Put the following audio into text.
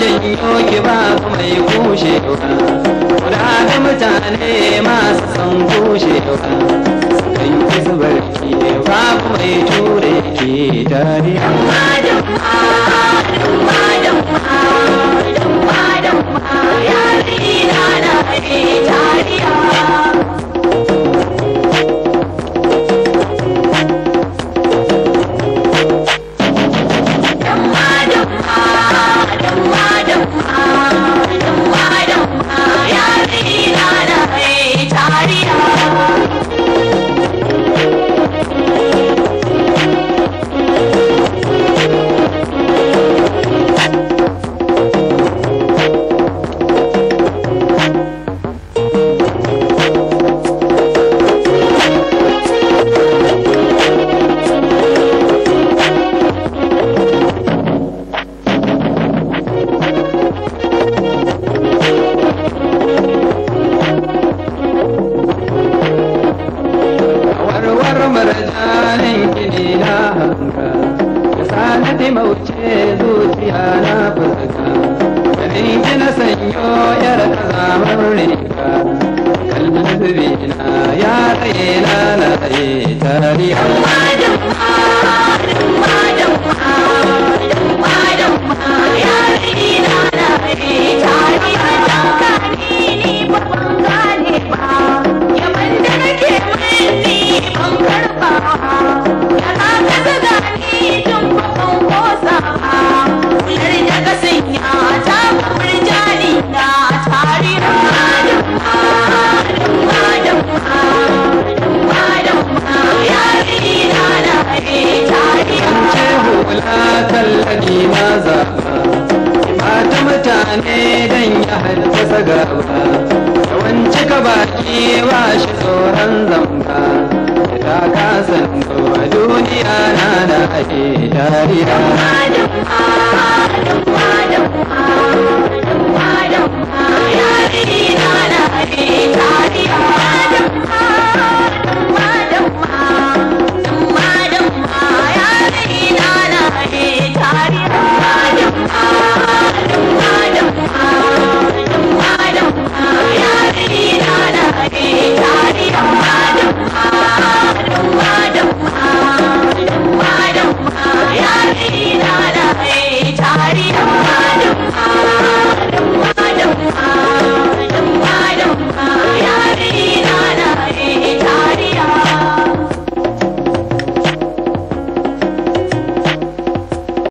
janyo ki ba mai kushewa Kuna da mutane masu son kushewa Kan ki zubar ki ba mai ture ki tariya marjanin kiɗi na hanka da mauce zuciya na fasaka da ninki na sanyo yar kazamar rinka kallon zubi na ya tsaye na na tsaye tarihi gaba ta mutane don ya haddasa gaba yawanci ka baki ba shi tsoron zamba ta kasan duniya na da ake dariya